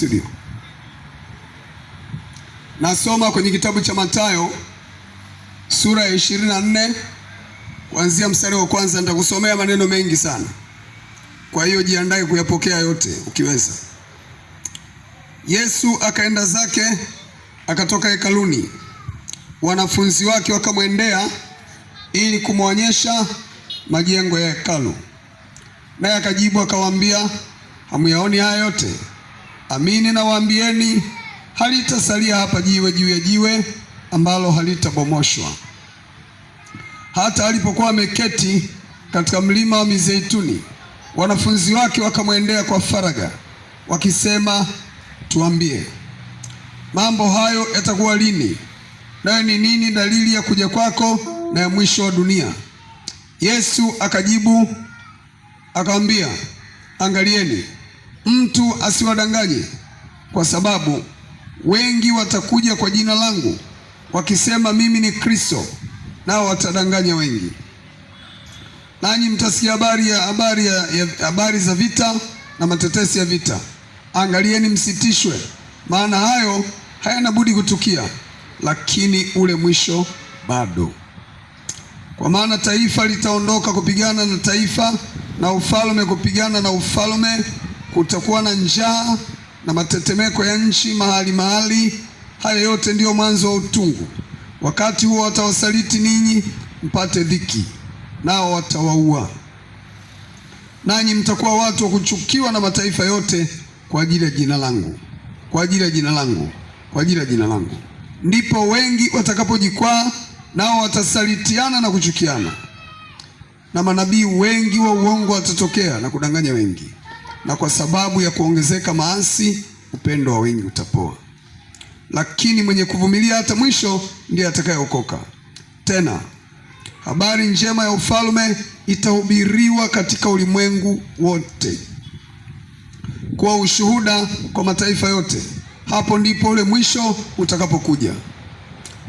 studio. Nasoma kwenye kitabu cha Mathayo sura ya 24 kuanzia mstari wa kwanza. Nitakusomea maneno mengi sana, kwa hiyo jiandae kuyapokea yote ukiweza. Yesu akaenda zake, akatoka hekaluni, wanafunzi wake wakamwendea ili kumwonyesha majengo ya hekalu, naye akajibu akawaambia, hamuyaoni haya yote? Amini nawaambieni, halitasalia hapa jiwe juu ya jiwe ambalo halitabomoshwa. Hata alipokuwa ameketi katika mlima wa Mizeituni, wanafunzi wake wakamwendea kwa faraga wakisema, tuambie, mambo hayo yatakuwa lini? Nayo ni nini dalili ya kuja kwako na ya mwisho wa dunia? Yesu akajibu akamwambia, angalieni Mtu asiwadanganye, kwa sababu wengi watakuja kwa jina langu wakisema mimi ni Kristo, nao watadanganya wengi. Nanyi mtasikia habari ya habari ya habari za vita na matetesi ya vita. Angalieni msitishwe, maana hayo hayana budi kutukia, lakini ule mwisho bado. Kwa maana taifa litaondoka kupigana na taifa na ufalme kupigana na ufalme kutakuwa na njaa na matetemeko ya nchi mahali mahali. Haya yote ndiyo mwanzo wa utungu. Wakati huo watawasaliti ninyi mpate dhiki, nao watawaua, nanyi mtakuwa watu wa kuchukiwa na mataifa yote kwa ajili ya jina langu, kwa ajili ya jina langu, kwa ajili ya jina langu. Ndipo wengi watakapojikwaa, nao watasalitiana na kuchukiana, na manabii wengi wa uongo watatokea na kudanganya wengi na kwa sababu ya kuongezeka maasi upendo wa wengi utapoa, lakini mwenye kuvumilia hata mwisho ndiye atakayeokoka. Tena habari njema ya ufalme itahubiriwa katika ulimwengu wote kwa ushuhuda kwa mataifa yote, hapo ndipo ule mwisho utakapokuja.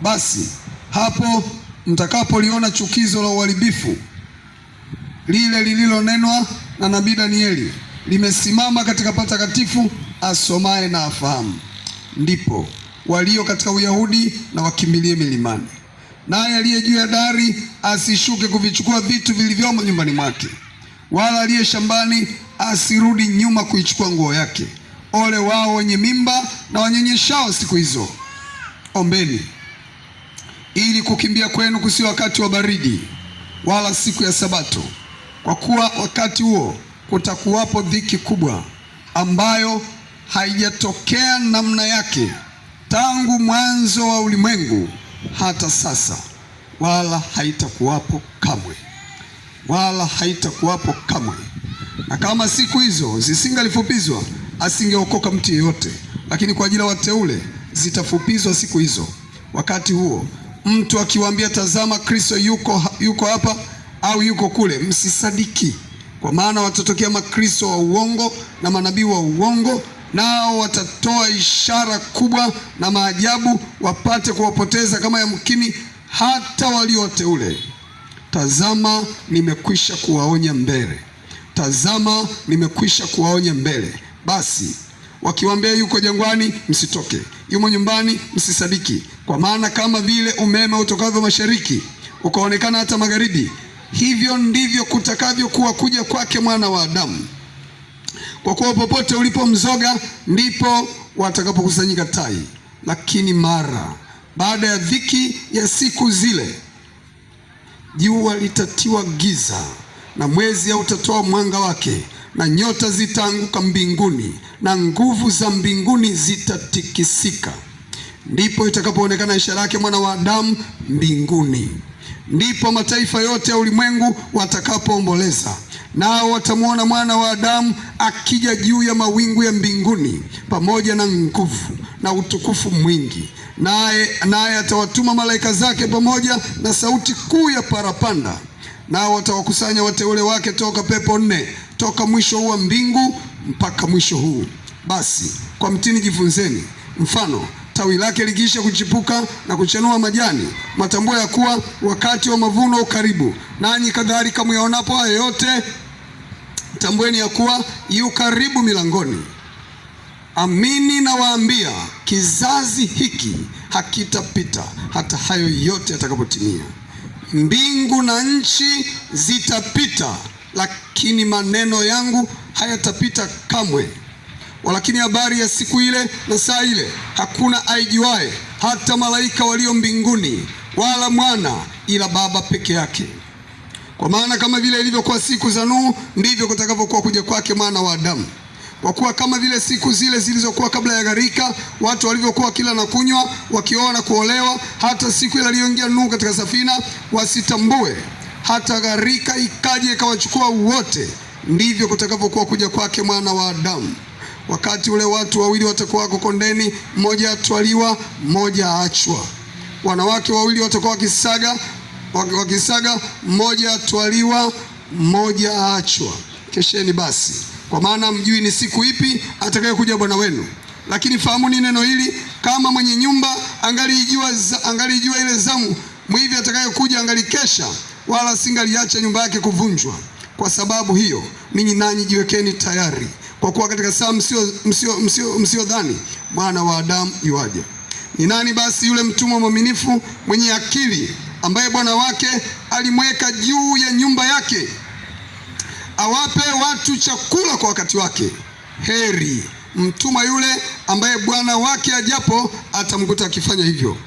Basi hapo mtakapoliona chukizo la uharibifu lile lililonenwa na nabii Danieli limesimama katika patakatifu, asomaye na afahamu. Ndipo walio katika Uyahudi na wakimbilie milimani, naye aliye juu ya dari asishuke kuvichukua vitu vilivyomo nyumbani mwake, wala aliye shambani asirudi nyuma kuichukua nguo yake. Ole wao wenye mimba na wanyonyeshao siku hizo. Ombeni ili kukimbia kwenu kusiwe wakati wa baridi, wala siku ya Sabato, kwa kuwa wakati huo kutakuwapo dhiki kubwa ambayo haijatokea namna yake tangu mwanzo wa ulimwengu hata sasa, wala haitakuwapo kamwe, wala haitakuwapo kamwe. Na kama siku hizo zisingalifupizwa, asingeokoka mtu yeyote, lakini kwa ajili ya wateule zitafupizwa siku hizo. Wakati huo mtu akiwaambia, tazama Kristo yuko, yuko hapa au yuko kule, msisadiki. Kwa maana watatokea makristo wa uongo na manabii wa uongo, nao watatoa ishara kubwa na maajabu, wapate kuwapoteza kama yamkini hata walioteule. Tazama, nimekwisha kuwaonya mbele. Tazama, nimekwisha kuwaonya mbele. Basi wakiwaambia yuko jangwani, msitoke; yumo nyumbani, msisadiki. Kwa maana kama vile umeme utokavyo mashariki ukaonekana hata magharibi hivyo ndivyo kutakavyokuwa kuja kwake mwana wa Adamu. Kwa kuwa popote ulipomzoga ndipo watakapokusanyika tai. Lakini mara baada ya dhiki ya siku zile, jua litatiwa giza na mwezi hautatoa mwanga wake, na nyota zitaanguka mbinguni, na nguvu za mbinguni zitatikisika. Ndipo itakapoonekana ishara yake mwana wa Adamu mbinguni ndipo mataifa yote ya ulimwengu watakapoomboleza, nao watamwona mwana wa Adamu akija juu ya mawingu ya mbinguni pamoja na nguvu na utukufu mwingi. Naye naye atawatuma malaika zake pamoja na sauti kuu ya parapanda, nao watawakusanya wateule wake toka pepo nne, toka mwisho huu wa mbingu mpaka mwisho huu. Basi kwa mtini jifunzeni mfano tawi lake likiisha kuchipuka na kuchanua majani, matambua ya kuwa wakati wa mavuno karibu. Nanyi kadhalika, muyaonapo haya yote, tambueni ya kuwa yu karibu milangoni. Amini nawaambia, kizazi hiki hakitapita hata hayo yote yatakapotimia. Mbingu na nchi zitapita, lakini maneno yangu hayatapita kamwe. Walakini habari ya siku ile na saa ile hakuna aijuaye, hata malaika walio mbinguni, wala mwana, ila Baba peke yake. Kwa maana kama vile ilivyokuwa siku za Nuhu, ndivyo kutakavyokuwa kuja kwake Mwana wa Adamu. Kwa kuwa kama vile siku zile zilizokuwa kabla ya gharika, watu walivyokuwa kila na kunywa, wakioa na kuolewa, hata siku ile aliyoingia Nuhu katika safina, wasitambue hata gharika ikaje ikawachukua wote, ndivyo kutakavyokuwa kuja kwake Mwana wa Adamu. Wakati ule watu wawili watakuwa wako kondeni, mmoja atwaliwa, mmoja aachwa. Wanawake wawili watakuwa wakisaga, wakisaga, mmoja atwaliwa, mmoja aachwa. Kesheni basi, kwa maana mjui ni siku ipi atakayokuja Bwana wenu. Lakini fahamu ni neno hili, kama mwenye nyumba angalijua, angalijua ile zamu mwivi atakayokuja angalikesha, wala singaliacha nyumba yake kuvunjwa. Kwa sababu hiyo, ninyi nanyi jiwekeni tayari kwa kuwa katika saa msio msio msio dhani mwana wa Adamu yuaja. Ni nani basi yule mtumwa mwaminifu mwenye akili ambaye bwana wake alimweka juu ya nyumba yake awape watu chakula kwa wakati wake? Heri mtumwa yule ambaye bwana wake ajapo atamkuta akifanya hivyo.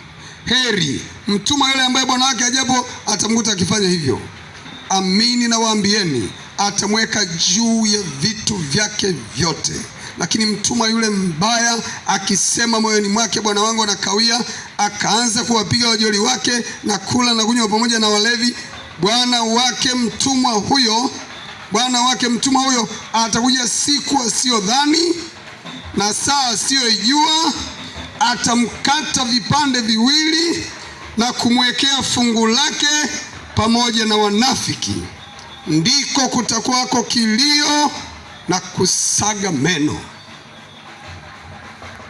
Heri mtumwa yule ambaye bwana wake ajapo atamkuta akifanya hivyo. Amini nawaambieni atamweka juu ya vitu vyake vyote. Lakini mtumwa yule mbaya akisema moyoni mwake, bwana wangu anakawia, akaanza kuwapiga wajoli wake na kula na kunywa pamoja na walevi, bwana wake mtumwa huyo bwana wake mtumwa huyo atakuja siku asiyodhani na saa asiyoijua, atamkata vipande viwili na kumwekea fungu lake pamoja na wanafiki ndiko kutakuwako kilio na kusaga meno.